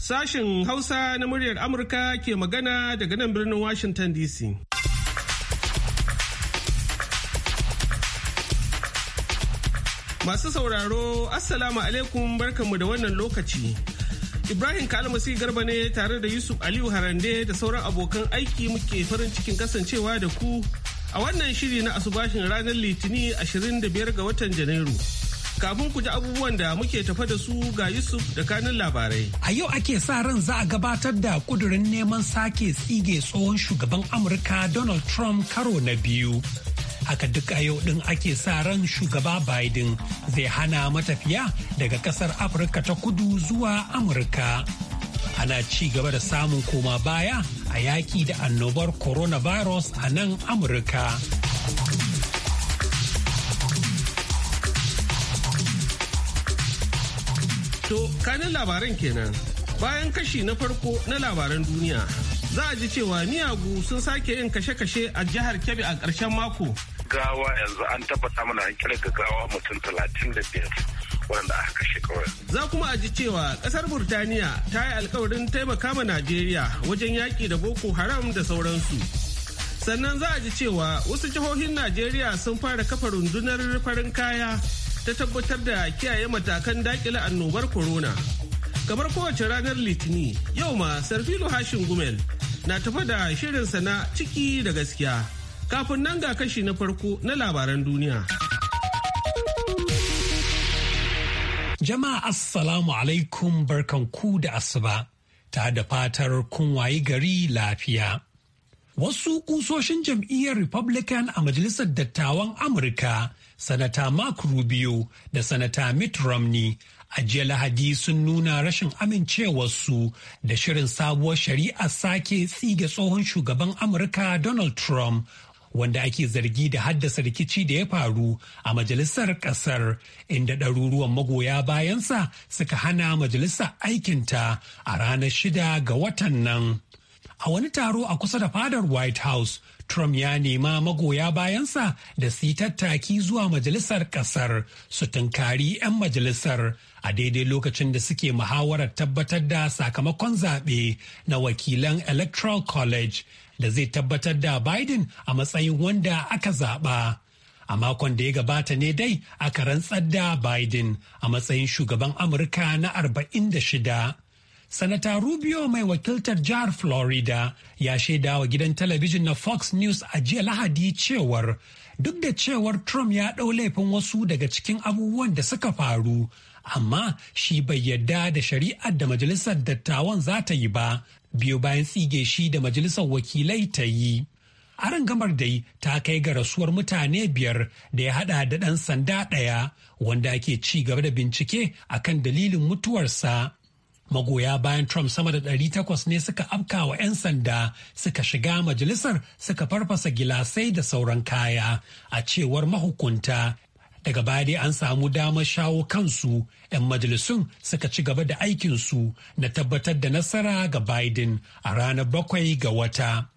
Sashen Hausa na muryar Amurka ke magana daga nan birnin Washington DC. Masu sauraro, Assalamu alaikum barkanmu da wannan lokaci. Ibrahim Kalmasi Garba ne tare da Yusuf Aliyu Harande da sauran abokan aiki muke farin cikin kasancewa da ku a wannan shiri na asubashin ranar litini 25 ga watan janairu kafin ku ji abubuwan da muke tafa da su ga yusuf da kanin labarai a yau ake sa ran za a gabatar da kudurin neman sake tsige tsohon shugaban amurka donald trump karo na biyu haka duk a yau din ake sa ran shugaba biden zai hana matafiya daga kasar afirka ta kudu zuwa amurka ana ci gaba da samun koma baya a yaƙi da annobar coronavirus a nan Amurka. To, kanin labaran kenan. Bayan kashi na farko na labaran duniya, za a ji cewa miyagu sun sake yin kashe-kashe a jihar Kebbi a ƙarshen mako. Gawa yanzu an tabbata mana an kira gawa mutum talatin da biyar. wanda aka kashe kawai. Za kuma a ji cewa ƙasar Burtaniya ta yi alkawarin taimaka ma Najeriya wajen yaƙi da Boko Haram da sauransu. Sannan za a ji cewa wasu jihohin Najeriya sun fara kafa rundunar farin kaya ta tabbatar da kiyaye matakan daƙile annobar corona. Kamar kowace ranar Litini, yau ma Sarfilo Hashin Gumel na tafa da shirinsa na ciki da gaskiya. Kafin nan ga kashi na farko na labaran duniya. Jama'a Assalamu alaikum ku da asuba, ta da fatar kun wayi gari lafiya. Wasu kusoshin jam'iyyar Republican a Majalisar Dattawan Amurka, Sanata Mark Rubio da Sanata Mitt Romney a jiya Lahadi sun nuna rashin amincewarsu da shirin sabuwar shari'a sake tsige tsohon shugaban Amurka Donald Trump wanda ake zargi da haddasa rikici da ya faru a majalisar kasar inda ɗaruruwan magoya bayansa suka hana majalisa aikinta a ranar shida ga watan nan. A wani taro a kusa da fadar White House, Trump ya nema magoya bayansa da su yi tattaki zuwa majalisar kasar su tunkari 'yan majalisar a daidai lokacin da suke muhawarar tabbatar da sakamakon zaɓe na wakilan Electoral College da zai tabbatar da Biden a matsayin wanda aka zaɓa. A makon da ya gabata ne dai aka rantsar da Biden a matsayin shugaban Amurka na 46. Sanata Rubio mai wakiltar jihar Florida ya shaida wa gidan talabijin na Fox News a jiya Lahadi cewar duk da cewar Trump ya ɗau laifin wasu daga cikin abubuwan da suka faru, amma shi bai yarda da shari'ar da majalisar dattawan za ta yi ba biyo bayan tsige shi da majalisar wakilai ta yi. gamar dai ta kai ga rasuwar mutane biyar da ya hada da ɗan sanda ɗaya wanda ake ci gaba da bincike a kan dalilin mutuwarsa. Magoya bayan Trump sama da ɗari takwas ne suka afka wa 'yan sanda suka shiga majalisar suka farfasa gilasai da sauran kaya a cewar mahukunta daga baya dai an samu damar shawo kansu 'yan majalisun suka ci gaba da aikinsu na tabbatar da nasara ga biden a ranar bakwai ga wata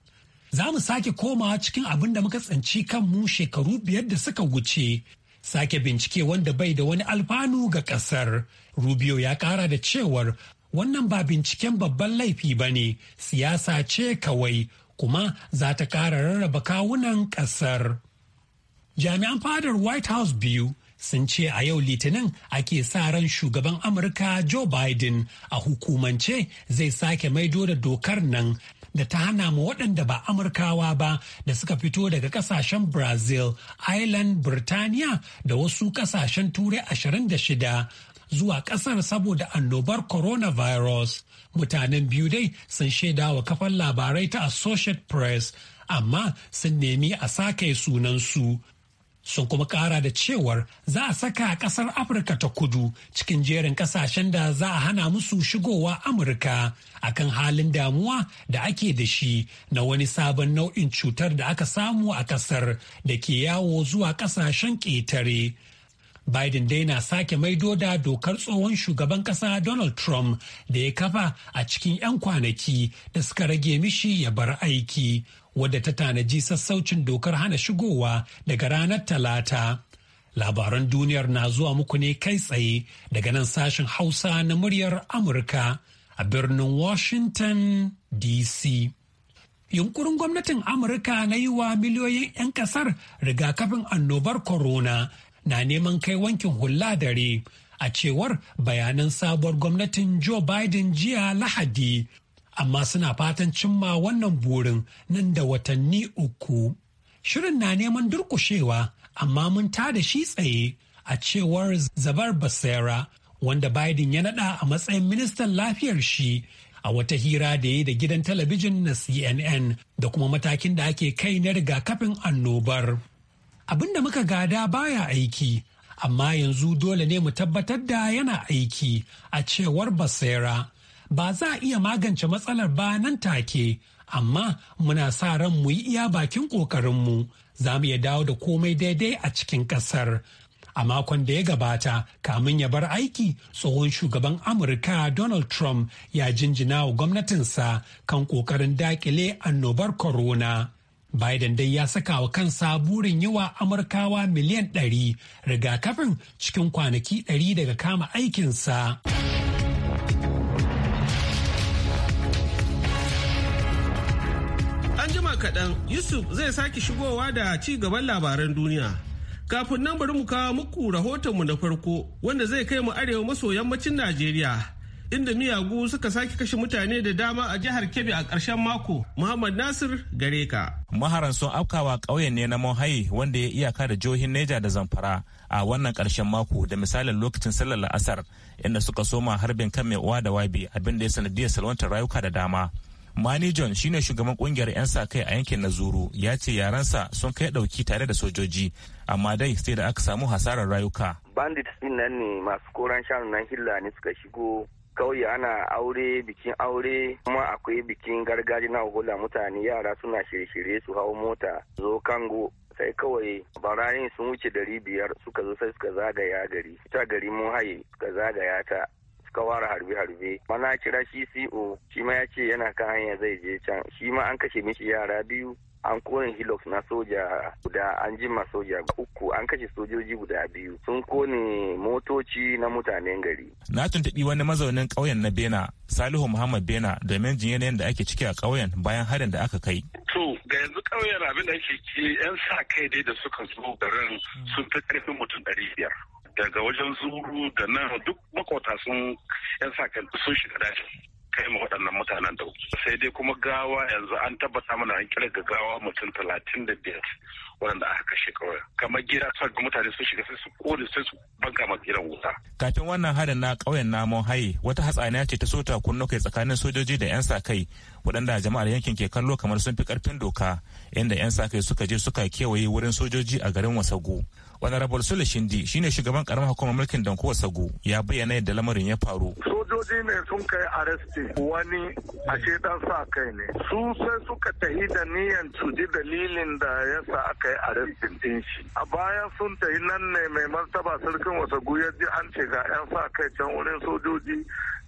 za mu sake komawa cikin abin da muka tsanci kanmu shekaru biyar da suka wuce sake bincike wanda bai da wani alfanu ga kasar rubio ya kara da cewar wannan ba binciken babban laifi ba ne siyasa ce kawai kuma za ta kara rarraba kawunan kasar. jami'an fadar white house biyu sun ce a yau litinin ake sa ran shugaban amurka joe biden a hukumance zai sake maido da dokar nan da ta hana mu waɗanda ba amurkawa ba da suka fito daga ƙasashen brazil ireland birtaniya da wasu ƙasashen turai ashirin da shida zuwa ƙasar saboda annobar coronavirus mutanen biyu dai sun shaida wa kafar labarai ta associate press amma sun nemi a sake sunansu sun kuma kara da cewar za a saka kasar afirka ta kudu cikin jerin kasashen da za a hana musu shigowa amurka akan halin damuwa da ake da shi na wani sabon nau'in cutar da aka samu a kasar da ke yawo zuwa kasashen ƙetare Biden dai na sake maido da dokar tsohon shugaban kasa Donald Trump da ya kafa a cikin 'yan kwanaki da suka rage mishi ya bar aiki wadda ta tanaji sassaucin dokar hana shigowa daga ranar talata labaran duniyar na zuwa muku ne kai tsaye daga nan sashen hausa na muryar amurka a birnin washington dc yunkurin gwamnatin amurka na yi wa miliyoyin 'yan kasar rigakafin annobar corona na neman kai wankin hula dare a cewar bayanan sabuwar gwamnatin joe biden jiya lahadi amma suna fatan cimma wannan burin nan da watanni uku. Shirin na neman durƙushewa, amma mun ta da shi tsaye a cewar Zabar Basera, wanda Biden ya naɗa a matsayin ministan lafiyar shi a wata hira da ya da gidan talabijin na CNN da kuma matakin da ake kai na rigakafin annobar. Abin da muka gada baya aiki, amma yanzu dole ne mu tabbatar da yana aiki a cewar Basera. ba za a iya magance matsalar ba nan take amma muna sa ran mu yi iya bakin ƙoƙarinmu za mu iya dawo da komai daidai a cikin ƙasar a makon da ya gabata kamin ya bar aiki tsohon shugaban amurka donald trump ya jinjina wa gwamnatinsa kan kokarin dakile annobar corona biden dai ya saka wa kansa burin yi wa amurkawa miliyan 100 rigakafin cikin kwanaki 100 daga kama aikinsa. kaɗan Yusuf zai sake shigowa da ci gaban labaran duniya. Kafin nan bari mu kawo muku rahotonmu na farko wanda zai kai mu arewa maso yammacin Najeriya. Inda miyagu suka sake kashe mutane da dama a jihar Kebbi a ƙarshen mako, Muhammad Nasir gareka. ka. Maharan sun afkawa ƙauyen ne na Mohai wanda ya iyaka da jihohin Neja da Zamfara a wannan ƙarshen mako da misalin lokacin sallar la'asar inda suka soma harbin kan mai uwa da wabi abinda ya sanadiyar salwantar rayuka da dama. Mani shine shugaban kungiyar 'yan sa kai a yankin na Zuru ya ce yaransa sun kai dauki tare da sojoji amma dai sai da aka samu hasarar rayuka. Bandits din nan ne masu koran shanu nan hilla ne suka shigo kauye ana aure bikin aure kuma akwai bikin gargajiya na hula mutane yara suna shirye-shirye su hau mota zo kango sai kawai barayin sun wuce dari biyar suka zo sai suka zagaya gari ta gari mun haye suka zagaya ta suka harbe-harbe mana kira shi co shi ma ya ce yana kan hanya zai je can shi ma an kashe mishi yara biyu an kone hilox na soja guda an jima soja uku an kashe sojoji guda biyu sun kone motoci na mutanen gari na tuntubi wani mazaunin ƙauyen na bena salihu muhammad bena domin jin yanayin da ake ciki a ƙauyen bayan harin da aka kai to ga yanzu ƙauyen abin da ake ci yan sa kai dai da suka zo garin sun fi ƙarfin mutum ɗari biyar daga wajen zuru da nan duk makota sun yan sa sun shiga dajin kai ma waɗannan mutanen da sai dai kuma gawa yanzu an tabbata mana an kira gawa mutum talatin da biyar waɗanda aka kashe kawai kamar gida sa ga mutane sun shiga sai su kore sai su banka ma gidan wuta. kafin wannan harin na ƙauyen namon haye wata hatsaniya ce ta so ta kai tsakanin sojoji da 'yan sa kai waɗanda jama'ar yankin ke kallo kamar sun fi ƙarfin doka inda 'yan sa kai suka je suka kewaye wurin sojoji a garin wasagu rabar Sule Shindi shine shugaban karamar hukumar mulkin Danko Sago ya bayyana yadda lamarin ya faru. Sojoji ne sun kai arestin. wani ashe dan sa kai ne. Su sai suka tahi da niyan su dalilin da ya sa aka yi arestin din shi. A bayan sun tahi nan ne mai martaba sarkin Wasagu ya ji an ce ga 'yan sa kai can wurin sojoji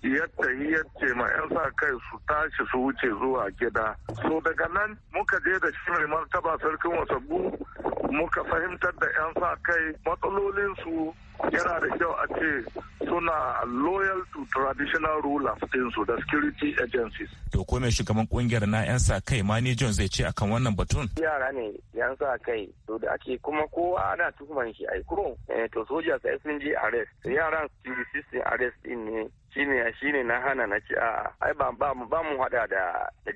ya ya yadda ma 'yan sa kai su tashi su wuce zuwa gida. So daga nan muka je da shi mai martaba sarkin Wasagu? muka fahimtar da 'yan sa kai matsalolinsu yana da kyau a ce suna loyal to traditional rulers ɗinsu da security agencies. To ko mai shugaban kungiyar na 'yan sa kai Mani John zai ce akan wannan batun? Yara ne 'yan sa kai to da ake kuma kowa ana tuhuman shi ai eh, to soja sai sun je arrest yaran su yi arrest din ne shine shine na hana na ce a'a ai ba ba mu ba mu hada da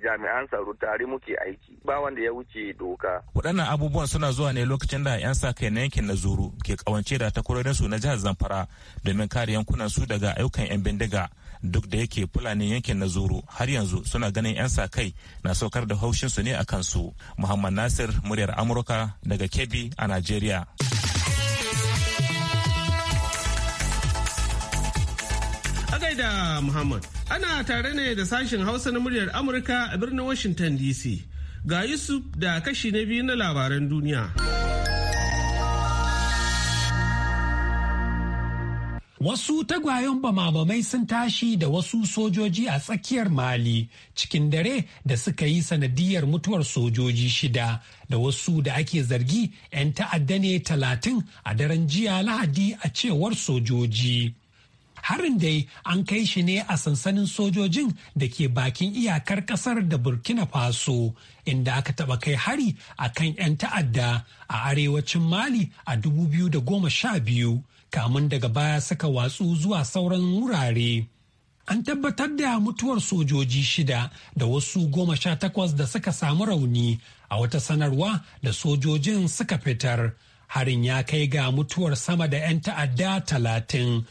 jami'an tsaro tare muke aiki ba wanda ya wuce doka waɗannan abubuwan suna zuwa ne lokacin da 'yan sa kai na yankin na zuru ke kawance da takwarorin su na jihar zamfara domin kare yankunan su daga ayyukan 'yan bindiga duk da yake fulani yankin na zuru har yanzu suna ganin 'yan sa kai na saukar da haushin su ne a kansu muhammad nasir muryar amurka daga kebbi a nigeria. da Muhammad. Ana tare ne da sashen Hausa na muryar Amurka a birnin Washington DC. Ga Yusuf da kashi na biyu na labaran duniya. Wasu tagwayen bamabamai sun tashi da wasu sojoji a tsakiyar Mali cikin dare da suka yi sanadiyar mutuwar sojoji shida da wasu da ake zargi 'yan ta'adda ne talatin a daren jiya lahadi a cewar sojoji. harin dai an kai shi ne a sansanin sojojin da ke bakin iyakar kasar da burkina faso inda aka taba kai hari a kan 'yan ta'adda a arewacin mali a 2012 kamun daga baya suka watsu zuwa sauran wurare an tabbatar da mutuwar sojoji shida da wasu goma sha takwas da suka samu rauni a wata sanarwa da sojojin suka fitar harin ya kai ga mutuwar sama da 'yan ta'adda talatin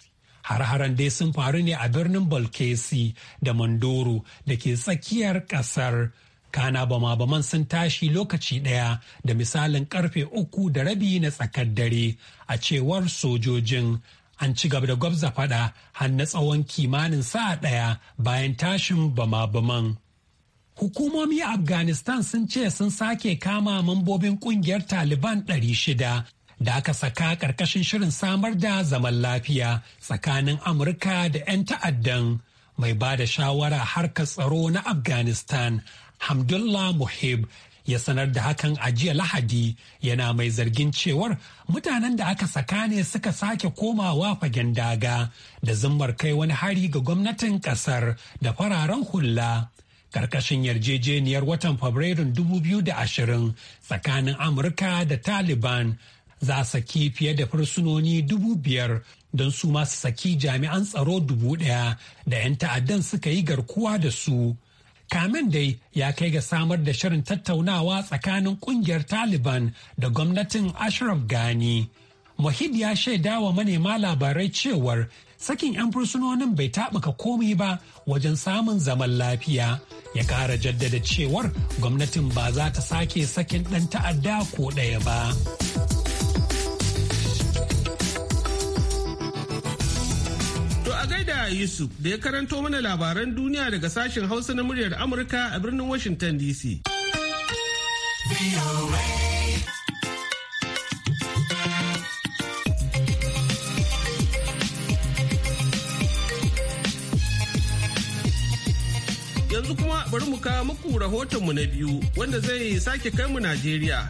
Har-haren dai sun faru ne a birnin Balkesi da Mandoro da ke tsakiyar ƙasar. Kana bama-baman sun tashi lokaci ɗaya da misalin ƙarfe uku da rabi na tsakar dare a cewar sojojin. An ci gaba da gwabza faɗa, har tsawon kimanin sa'a ɗaya bayan tashin bama-baman. Hukumomi Afghanistan sun ce sun sake kama mambobin ƙungiyar Taliban 600 da aka saka ƙarƙashin shirin samar da zaman lafiya tsakanin Amurka da 'yan ta'addan mai ba da shawara harkar tsaro na Afghanistan, Hamdullah Muhib ya sanar da hakan a jiya Lahadi yana mai zargin cewar mutanen da aka saka ne suka sake komawa fagen daga da zummar kai wani hari ga gwamnatin ƙasar da fararen hula. karkashin yarjejeniyar watan fabrairun 2020 tsakanin amurka da taliban za a saki fiye da fursunoni dubu biyar don su masu saki jami'an tsaro dubu ɗaya da 'yan ta'addan suka yi garkuwa da su. Kamen dai ya kai ga samar da shirin tattaunawa tsakanin kungiyar Taliban da gwamnatin Ashraf gani Mohid ya shaida wa manema labarai cewar sakin 'yan fursunonin bai taɓuka komai ba wajen samun zaman lafiya. Ya ƙara jaddada cewar gwamnatin ba za ta sake sakin ɗan ta'adda ko ɗaya ba. a gaida Yusuf da ya karanto mana labaran duniya daga sashen Hausa na muryar Amurka a birnin Washington DC. Yanzu kuma bari mu kawo muku mu na biyu wanda zai sake kai mu Najeriya.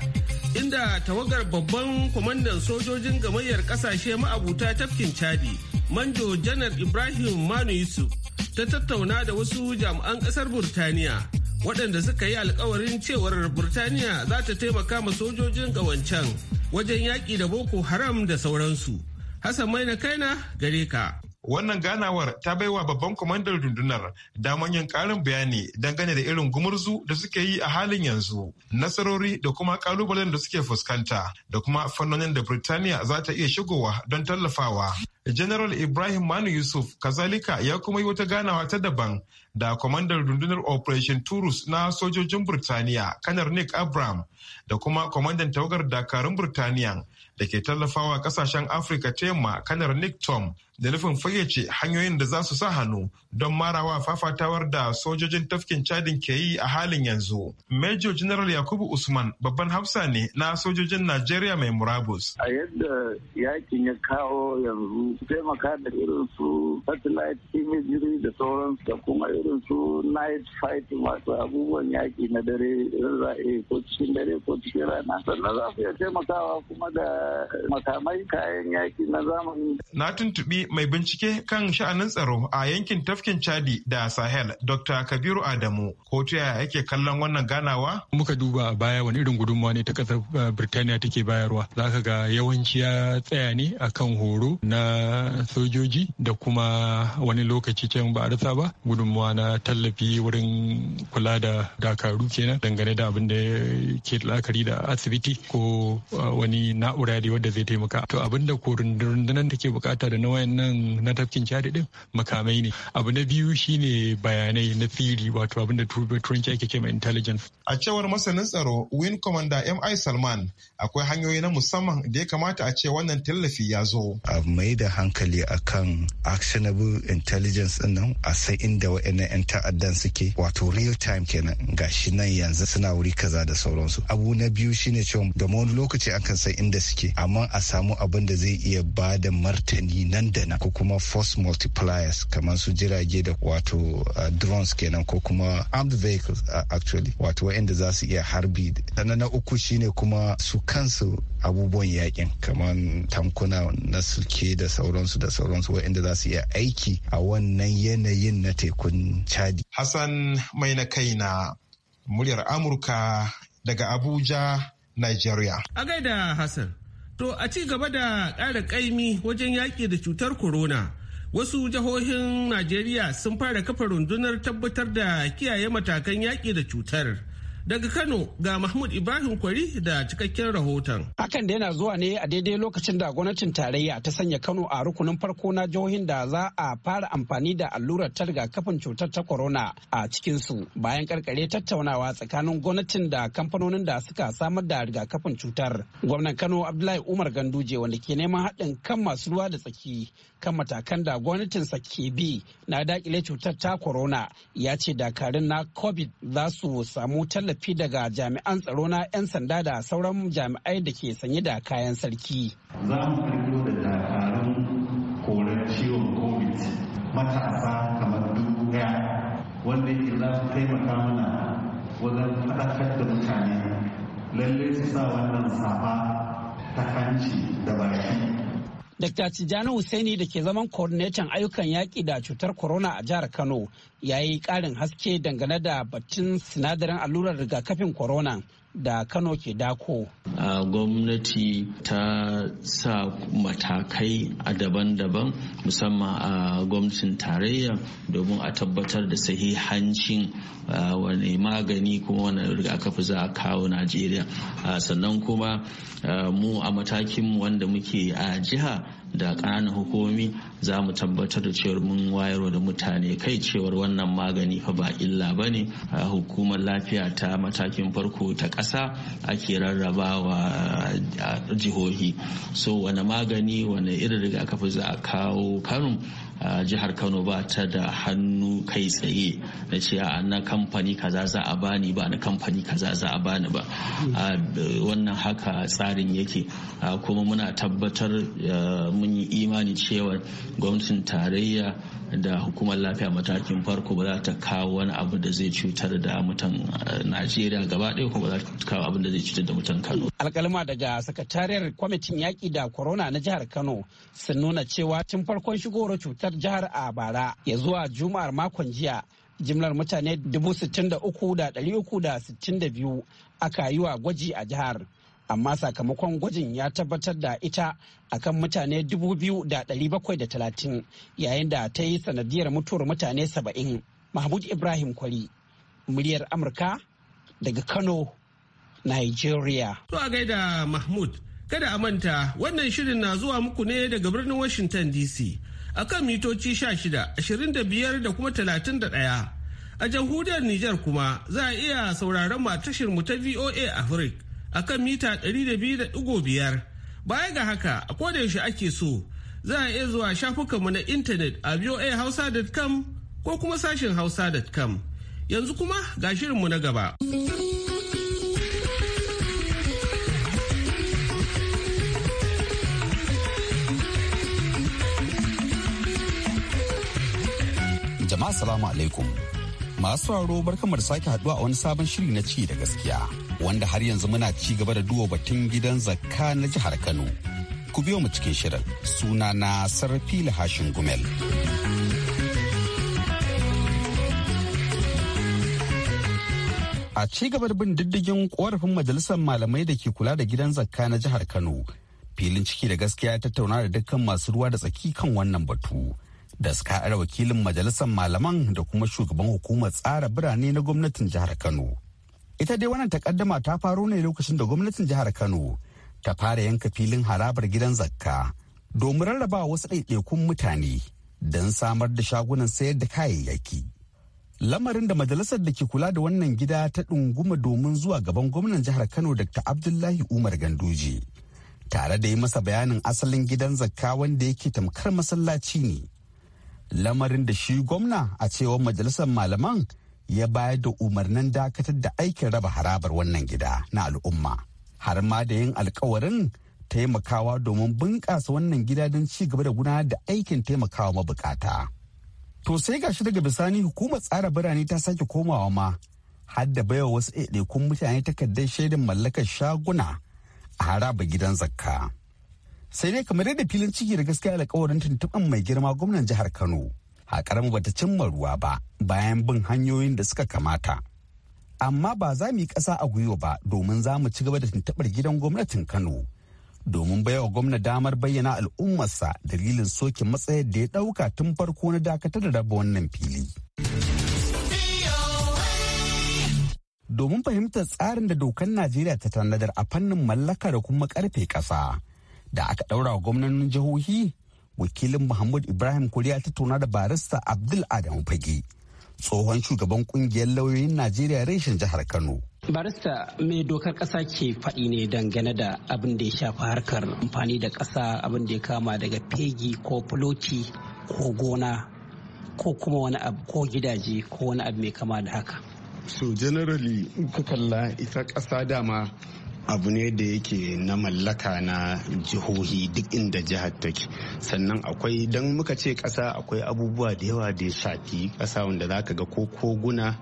Inda tawagar babban kwamandan sojojin gamayyar kasashe ma'abuta tafkin Chadi manjo janar ibrahim manu yusuf ta tattauna da wasu jami'an kasar burtaniya waɗanda suka yi alkawarin cewar burtaniya za ta taimaka ma sojojin ƙawancen wajen yaƙi da boko haram da sauransu hassan maina kaina gare ka wannan ganawar ta baiwa babban kwamandan rundunar damar yin karin bayani dangane da irin gumurzu da suke yi a halin yanzu nasarori da kuma kalubalen da suke fuskanta da kuma fannonin da burtaniya za ta iya shigowa don tallafawa General Ibrahim Manu Yusuf kazalika ya kuma yi wata ganawa ta daban da kwamandan rundunar operation turus na sojojin burtaniya kanar nick Abraham da kuma kwamandan tawagar dakarun burtaniya da ke tallafawa kasashen afirka ta yamma kanar nick tom da nufin fayyace hanyoyin da za su sa hannu don marawa fafatawar da sojojin tafkin cadin ke yi a halin yanzu major general yakubu usman babban hafsa ne na sojojin najeriya mai murabus a yadda yakin ya kawo yanzu taimaka da irin su satellite imagery da sauransu da kuma irin irin su night fight wato abubuwan yaki na dare ra'ayi ko cikin dare ko cikin rana sannan za su iya taimakawa kuma da makamai kayan yaƙi na zamani. Na tuntuɓi mai bincike kan sha'anin tsaro a yankin tafkin Chadi da Sahel Dr. Kabiru Adamu ko ta yaya ake kallon wannan ganawa? Muka duba a baya wani irin gudunmawa ne ta ƙasar uh, Birtaniya take bayarwa. Za ka ga yawanci ya tsaya ne akan horo na sojoji da kuma wani lokaci can ba a rasa ba gudunmawa na tallafi wurin kula da dakaru kenan dangane da abin da ke la'akari da asibiti ko uh, wani na'ura da wadda zai taimaka to abin da ko rundunar ke bukata da na nan na tafkin cadi din makamai ne abu na biyu shine bayanai na fili wato abin da turanci ake kema intelligence a cewar masanin tsaro win commander mi salman akwai hanyoyi na musamman da ya kamata a ce wannan tallafi ya zo a mai da hankali akan actionable intelligence din nan a sai inda wa na 'yan ta'addan suke wato real time kenan shi nan yanzu suna wuri kaza da sauransu abu na biyu shine cewa da wani lokaci akan san inda suke amma a samu abin da zai iya ba da martani nan da nan ko kuma force multipliers kamar su jirage da wato uh, drones kenan ko kuma armed vehicles uh, actually wato wa'anda za su iya harbi sannan na uku shine kuma su kansu abubuwan yakin kamar tankuna na suke da sauransu da sauransu waɗanda za su iya aiki a wannan yanayin na tekun chadi. Hassan mai na kai na muryar Amurka daga Abuja, Nigeria. A gaida Hassan, to a ci gaba da ƙara ƙaimi wajen yaƙi da cutar corona. Wasu jihohin Najeriya sun fara kafa rundunar tabbatar da kiyaye matakan yaƙi da cutar. Daga Kano ga Mahmud Ibrahim Kwari da cikakken rahoton. Hakan da yana zuwa ne a daidai lokacin da gwamnatin tarayya ta sanya Kano a rukunin farko na jihohin da za a fara amfani da allurar ta rigakafin cutar ta corona a cikinsu bayan karkare tattaunawa tsakanin gwamnatin da kamfanonin da suka samar da rigakafin cutar. Gwamnan Kano Abdullahi Umar Ganduje wanda ke neman haɗin kan masu ruwa da tsaki kan matakan da gwamnatinsa ke bi na dakile cutar ta corona ya ce dakarun na covid za su samu tallafi daga jami'an tsaro na 'yan sanda da sauran jami'ai da ke sanye da kayan sarki. Za mu da dakarun koren ciwon covid matasa kamar dubu daya wanda yake za su taimaka mana wajen faɗakar da mutane lallai su sa wannan safa ta hanci da baki Dr. Tijjani Hussaini da ke zaman coordinator ayyukan yaƙi da cutar corona a jihar Kano ya yi ƙarin haske dangane da batun sinadarin allurar rigakafin corona da kano ke dako a gwamnati ta sa matakai a daban-daban musamman a gwamnatin tarayya domin a tabbatar da sahihancin wani magani kuma wani rigakafi za a kawo najeriya sannan kuma mu a matakinmu wanda muke a jiha da ƙananan hukumi za mu tabbatar da cewar mun wayar da mutane kai cewar wannan magani fa ba illa ba ne hukumar lafiya ta matakin farko ta ƙasa ake rarrabawa jihohi so wani magani wani irin rigakafi za a kawo kano a jihar kano ba ta da hannu kai tsaye na ce a na kamfani kaza za a bani ba na kamfani kaza za a bani ba wannan haka tsarin yake kuma muna tabbatar mun yi imani cewa gwamnatin tarayya da hukumar lafiya matakin farko ba za ta kawo wani abu da zai cutar da mutan eh, najeriya gaba ɗaya kuma ba za ta kawo abu da zai cutar da mutan kano Alkalima daga sakatariyar kwamitin yaƙi da corona na jihar kano sun nuna cewa tun farkon shigowar cutar jihar a bara ya zuwa juma'ar makon jiya jimlar mutane da biyu aka yi wa gwaji a jihar amma sakamakon gwajin ya tabbatar da ita akan mutane 2,730 yayin da ta yi sanadiyar mutuwar mutane 70 mahmud ibrahim kwari muryar amurka daga kano nigeria zuwa gaida mahmud kada a manta wannan shirin na zuwa muku ne daga birnin washington dc akan mitoci 16 25 da kuma 31 a jamhuriyar Nijar kuma za a iya sauraron mu a mu ta voa africa akan mita 200.5 baya ga haka a kodayaushe ake so za a iya zuwa shafukanmu na intanet a voahausa.com ko kuma sashin hausa.com yanzu kuma ga shirinmu na gaba. Jama'a salamu alaikum. Masu sauraro barkamar sake haduwa a wani sabon shiri na ci da gaskiya. wanda har yanzu muna ci gaba da duwa batun gidan zakka na jihar Kano. Ku biyo mu cikin shirin suna na sarfi Hashin Gumel. A ci gaba da bin diddigin korafin majalisar malamai da ke kula da gidan zakka na jihar Kano. Filin ciki da gaskiya ya tattauna da dukkan masu ruwa da tsaki kan wannan batu. da suka wakilin majalisar malaman da kuma shugaban hukumar tsara birane na gwamnatin jihar Kano. ita dai wannan takaddama ta faro ne lokacin da gwamnatin jihar kano ta fara yanka filin harabar gidan zakka domin rarraba wasu ɗaiɗaikun mutane don samar da shagunan sayar da kayayyaki lamarin da majalisar da ke kula da wannan gida ta ɗunguma domin zuwa gaban gwamnan jihar kano dr abdullahi umar ganduje tare da yi masa bayanin asalin gidan zakka wanda yake tamkar masallaci ne lamarin da shi gwamna a cewar majalisar malaman ya bayar da umarnin dakatar da aikin raba harabar wannan gida na al'umma har ma da yin alkawarin taimakawa domin bunƙasa wannan gida don ci gaba da gudanar da aikin taimakawa mabukata. To sai gashi daga bisani hukumar tsara birane ta sake komawa ma har da baiwa wasu ɗaiɗaikun mutane takardar shaidar mallakar shaguna a haraba gidan zakka. Sai dai kamar yadda filin ciki da gaskiya alkawarin tuntuɓan mai girma gwamnan jihar Kano haƙar bata cimma ruwa ba bayan bin hanyoyin da suka kamata. Amma ba za mu yi ƙasa a gwiwa ba domin za mu ci gaba da tuntuɓar gidan gwamnatin Kano. Domin baiwa gwamna damar bayyana al'ummarsa dalilin soke matsayar da ya ɗauka tun farko na dakatar da raba wannan fili. Domin fahimtar tsarin da dokar Najeriya ta tanadar a fannin mallaka da kuma ƙarfe ƙasa da aka ɗaura wa gwamnanin jihohi wakilin muhammad ibrahim kuriya ta tona da barista abdul adamu fage tsohon shugaban kungiyar lauyoyin najeriya reshen jihar kano barista mai dokar kasa ke faɗi ne dangane da abin da ya shafi harkar amfani da ƙasa abin da ya kama daga fegi ko fuloti ko gona ko kuma wani abu ko gidaje ko wani abu mai kama da haka so generally in ka kalla ita ƙasa dama abu ne da yake na mallaka na jihohi duk inda jihar take sannan akwai don muka ce kasa akwai abubuwa da yawa da ya shafi kasa wanda za ka ga ko koguna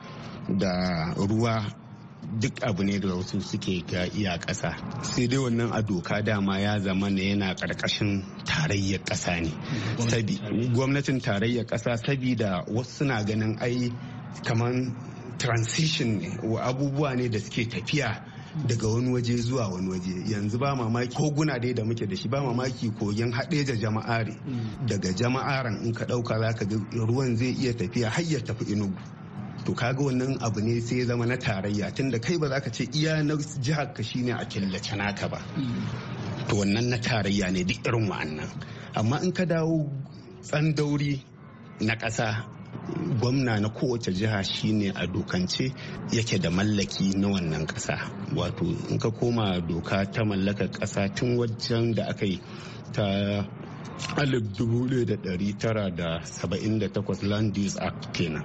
da ruwa duk abu ne da wasu suke ga iya kasa. sai dai wannan a doka dama ya zama ne yana karkashin tarayyar kasa ne gwamnatin tarayyar kasa sabida wasu suna ganin ai kamar transition ne abubuwa ne da suke tafiya daga wani waje zuwa wani waje yanzu ba mamaki koguna dai da muke da shi ba mamaki kogin haɗeja jama'are daga jama'aran in ka ɗauka za ka ga ruwan zai iya tafiya har ya tafi inugu to kaga wannan abu ne sai zama na tarayya tunda kai ba za ka ce iya na jihar ka shine a killace naka ba to wannan na tarayya ne duk irin wa'annan amma in ka dawo tsandauri na ƙasa gwamna na kowace jiha shine a dokance yake da mallaki na wannan kasa wato in ka koma doka ta mallaka kasa tun wajen da aka yi ta 1978 land use act kenan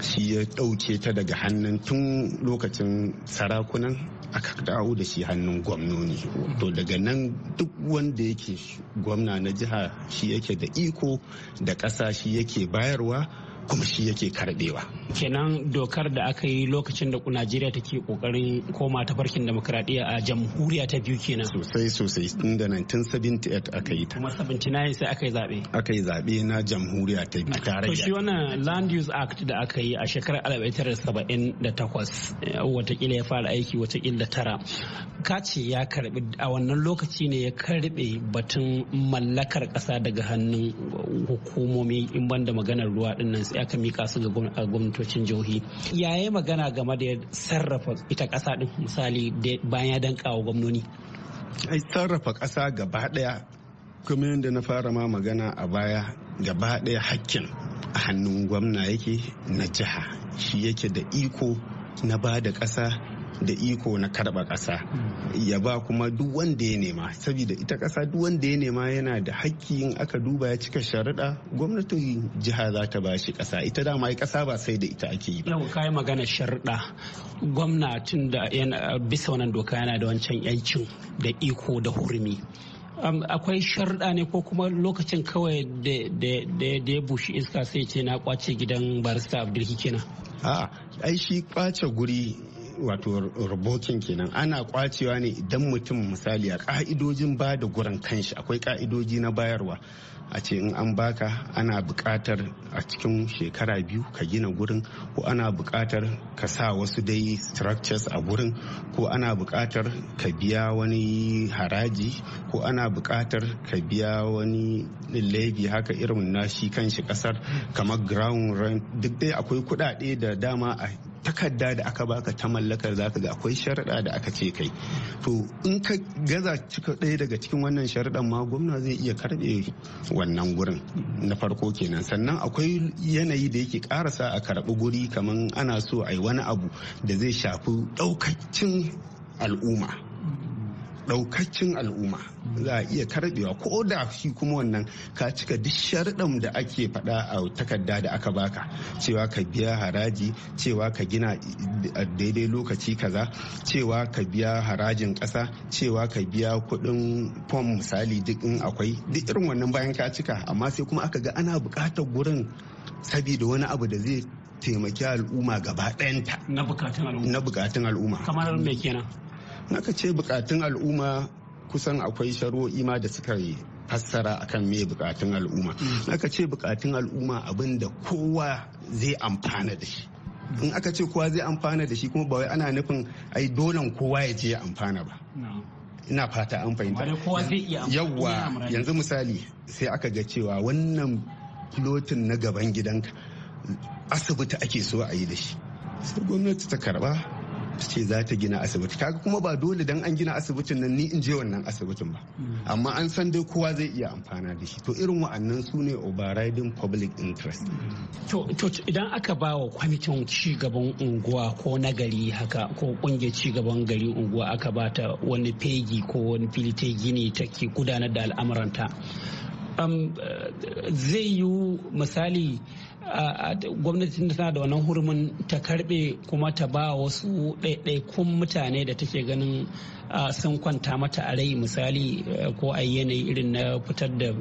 shi ya ɗauke ta daga hannun tun lokacin sarakunan aka dawo da shi hannun gwamnoni to daga nan duk wanda yake gwamna na jiha shi yake da iko da ƙasa shi yake bayarwa kuma shi yake karbewa kenan dokar da aka yi lokacin da najeriya take kokarin koma ta farkin demokradiyya a jamhuriya ta biyu kenan sosai sosai inda 1978 aka yi ta kuma 79 sai aka yi zabe aka yi zabe na jamhuriya ta biyu Tare to shi wannan land use act da aka yi a shekarar 1978 eh, watakila ya fara aiki watakila tara kace ya karbi a wannan lokaci ne ya karbe batun mallakar kasa daga hannun hukumomi in banda maganar ruwa dinnan sai aka mika su ga gwamnatocin jihohi yayi magana game da sarrafa ita ƙasa din misali bayan ya danka wa gwamnoni ai sarrafa kasa gaba daya kuma yadda na fara ma magana a baya gaba daya hakkin a hannun gwamna yake na jiha shi yake da iko na ba da ƙasa da iko na karba kasa. ya ba kuma duk wanda ya nema saboda ita ƙasa duk wanda ya nema yana da hakki in aka duba ya cika sharaɗa gwamnatin jiha za ta ba shi ƙasa ita dama kasa ba sai da ita ake yi ba. yau kayi magana sharaɗa gwamnatin da bisa wannan doka yana da wancan yancin da iko da hurumi Um, akwai sharda ne ko kuma lokacin kawai da ya bushi iska sai ce na kwace gidan barista abdulhikina a ai shi kwace guri wato rubokin kenan ana kwacewa ne idan mutum misali a ka'idojin ba da gurin kanshi akwai ka'idoji na bayarwa a ce in an baka ana buƙatar a cikin shekara biyu ka gina gurin ko ana buƙatar ka sa wasu dai structures a gurin ko ana buƙatar ka biya wani haraji ko ana buƙatar ka biya wani levy haka irin na shi kanshi ƙasar kamar ground rent duk dai akwai kuɗaɗe da dama a takarda da aka baka ta mallakar zaka ga akwai sharaɗa da aka ce kai to in ka gaza cika ɗaya daga cikin wannan sharaɗan ma gwamna zai iya karɓe wannan gurin na farko kenan sannan akwai yanayi da yake karasa a karɓi guri kamar ana so a yi wani abu da zai shafi ɗaukacin al'umma Daukacin al'umma za a iya karbewa ko da shi kuma wannan ka cika duk sharɗan da ake faɗa a takarda da aka baka cewa ka biya haraji cewa ka gina a daidai lokaci kaza cewa ka biya harajin ƙasa cewa ka biya kuɗin fom misali duk in akwai duk irin wannan bayan ka cika amma sai kuma aka ga ana buƙatar gurin saboda wani abu da zai taimaki al'umma gaba ɗayanta na bukatun al'umma kamar me kenan Naka ce bukatun al'umma kusan akwai shari'o'i ma da suka yi fassara akan me bukatun al'umma. Mm. Naka ce bukatun al'umma abin da kowa zai amfana da shi. In aka ce kowa zai amfana da shi kuma ba wai ana nufin ai dolan kowa ya je ya amfana ba. ina fata an fahimta yawwa yanzu misali sai aka ga cewa wannan filotin na gaban gidanka asibiti ake so a yi da shi sai gwamnati ta karba ce za ta gina asibiti kaga kuma ba dole dan an gina asibitin nan ni in je wannan asibitin ba mm. amma an san dai kowa zai iya amfana da shi to irin wa'annan su ne overriding public interest mm. to idan aka ba wa kwamitin cigaban unguwa ko nagari haka ko kungiyar ci gaban gari unguwa aka ba ta wani fegi ko wani fili ta gini take gudanar da al'amuranta um, eh, zai yi misali gwamnati tana da wannan hurumin ta karbe kuma ta ba wasu ɗaiɗaikun mutane da take ganin sun kwanta mata a rai misali eh, ko a yanayi irin na fitar da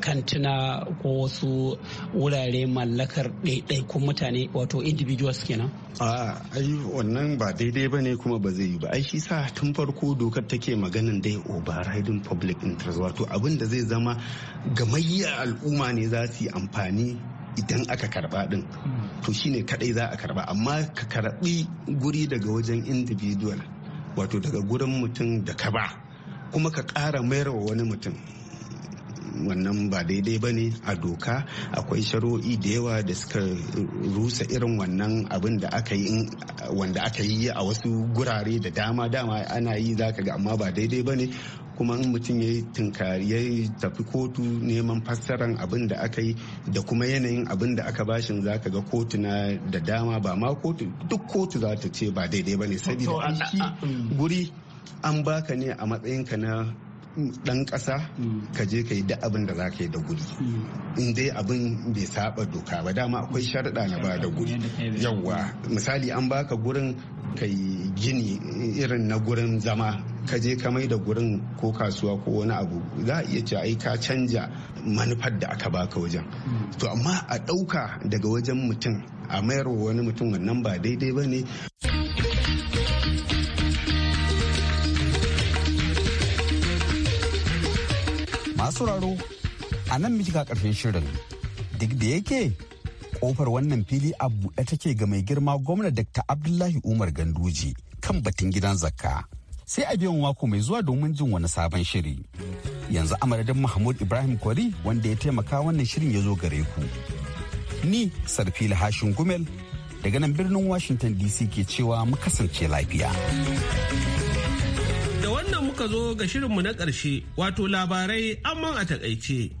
kantina ko wasu wurare mallakar ɗaiɗaikun mutane wato individuals kenan. a wannan ba daidai ba ne kuma ba zai yi ba ai shi sa tun farko dokar take maganin dai overriding public interest wato abin da zai zama gamayya al'umma ne za su yi amfani idan aka karba din hmm. to shine kadai za a karba amma ka karbi guri daga wajen individual wato daga gurin mutum da ka ba kuma ka ƙara wa wani mutum wannan ba daidai ba ne a doka akwai shari'o'i da yawa da suka rusa irin wannan abin da aka yi wanda aka yi a wasu gurare da dama dama ana yi za ka ga amma ba daidai ba ne kuma in mutum ya yi tunkari ya tafi kotu neman fassaran abin da aka yi da kuma yanayin abin da aka bashin za ka ga kotuna da dama ba ma kotu duk kotu za ta ce ba daidai ba ne saboda guri an baka ne a matsayin ka na dan kasa mm. ka je ka yi da abin da za ka yi da guri mm. in dai abin bai saba doka ba dama akwai sharda na ba da guri yawwa misali an baka gurin ka gini irin na gurin zama ka je ka mai da gurin ko kasuwa ko wani abu za a iya cewa ai ka canja manufar da aka baka wajen hmm. to amma a ɗauka daga wajen mutum a mayarwa wani mutum wannan ba daidai ba ne masu raro a nan ka karfin shirin duk da yake kofar wannan fili a buɗe take ga mai girma gwamna dr abdullahi umar ganduji kan batun gidan zakka sai a biyan wako mai zuwa domin jin wani sabon shiri. Yanzu amaradin Mahmud Ibrahim Kwari wanda ya taimaka wannan shirin ya zo gare ku. Ni Sarfila Hashin Gumel daga nan birnin Washington DC ke cewa mu kasance lafiya. Da wannan muka zo ga shirinmu na ƙarshe wato labarai amman a takaice.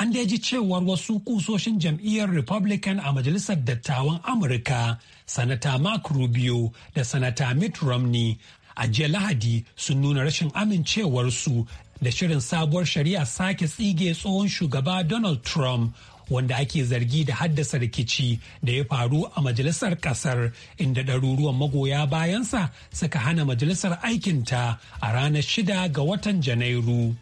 an da cewar wasu kusoshin jam'iyyar republican a majalisar dattawan amurka sanata mark rubio da sanata mitt romney a jiya lahadi sun nuna rashin amincewarsu da shirin sabuwar shari'a sake tsige tsohon shugaba donald trump wanda ake zargi da haddasa rikici da ya faru a majalisar kasar inda ɗaruruwan magoya bayansa suka hana majalisar aikinta a ranar shida ga watan janairu.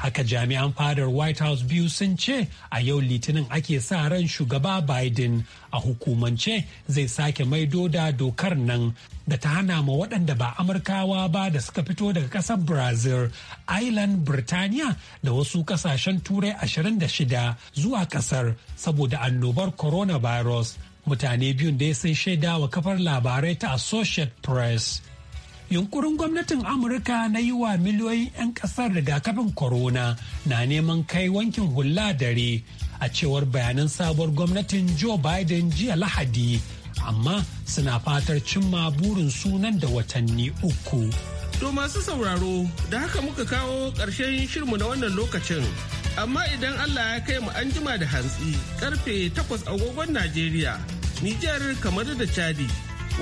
Haka jami'an fadar White House biyu sun ce a yau litinin ake sa ran shugaba Biden a hukumance zai sake maido da dokar nan da ta hana ma waɗanda ba Amurkawa ba da suka fito daga ƙasar Brazil, Ireland, Birtaniya da wasu ƙasashen Turai 26 zuwa ƙasar saboda annobar coronavirus. Mutane biyun dai sun shaida wa kafar labarai ta Associate Press. yunkurin gwamnatin amurka na yi wa miliyoyin 'yan kasar rigakafin corona na neman kai wankin hula dare a cewar bayanan sabuwar gwamnatin joe biden jiya lahadi amma suna fatar cimma burin sunan da watanni uku to masu sauraro da haka muka kawo ƙarshen shirmu na wannan lokacin amma idan allah ya kai mu anjima jima da hantsi karfe 8 agogon najeriya nijar kamar da chadi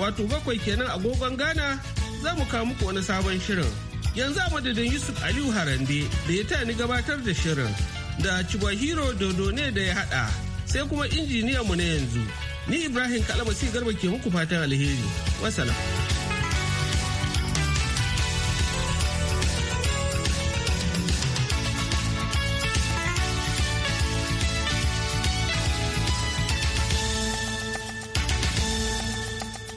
wato bakwai kenan agogon ghana za mu kawo muku wani sabon shirin. Yanzu a madadin Yusuf Aliyu Harande da ya tani gabatar da shirin da hero Dodo ne da ya haɗa sai kuma injiniyan mu na yanzu. Ni Ibrahim Kalabasi Garba ke muku fatan alheri. wasala.